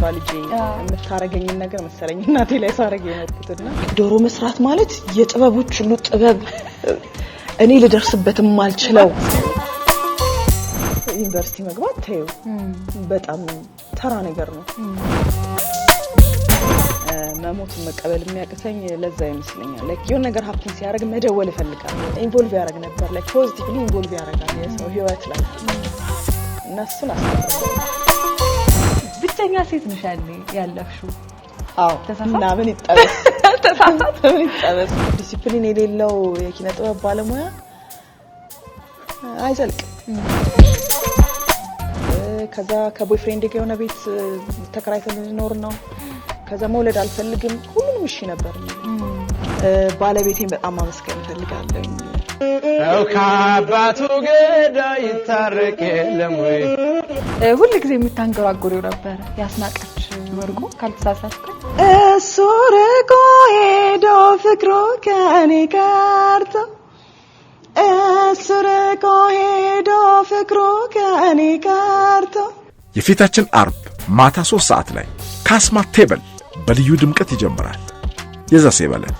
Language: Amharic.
ትንሿ ልጄ የምታረገኝን ነገር መሰለኝ እናቴ ላይ ሳረግ የኖርኩትና ዶሮ መስራት ማለት የጥበቦች ሁሉ ጥበብ እኔ ልደርስበት የማልችለው ዩኒቨርሲቲ መግባት ተዩ በጣም ተራ ነገር ነው። መሞትን መቀበል የሚያቅተኝ ለዛ ይመስለኛል። ላይክ የሆነ ነገር ሀብትን ሲያደረግ መደወል ይፈልጋል ኢንቮልቭ ያደረግ ነበር። ላይክ ፖዚቲቭሊ ኢንቮልቭ ያደረጋል የሰው ህይወት ላይ እና አስ ብቸኛ ሴት ነሽ ያኔ ያለፍሽው። አዎ እና ምን ይጠበስ ተሳሳት፣ ምን ይጠበስ። ዲሲፕሊን የሌለው የኪነ ጥበብ ባለሙያ አይዘልቅም። ከዛ ከቦይፍሬንድ ጋር የሆነ ቤት ተከራይተን ልንኖር ነው። ከዛ መውለድ አልፈልግም። ሁሉንም እሺ ነበር ባለቤቴን በጣም ማመስገን እፈልጋለሁ። ው ከአባቱ ገዳ ይታረቅ የለም ወይ? ሁል ጊዜ የምታንጎራጉሪው ነበረ ያስናቀች ወርቁ ካልተሳሳትኩ እሱ ርቆ ሄዶ ፍቅሮ ከኔ ቀርቶ እሱ ርቆ ሄዶ ፍቅሮ ከኔ ቀርቶ የፊታችን አርብ ማታ ሶስት ሰዓት ላይ ካስማት ቴብል በልዩ ድምቀት ይጀምራል። የዛ ሴበለን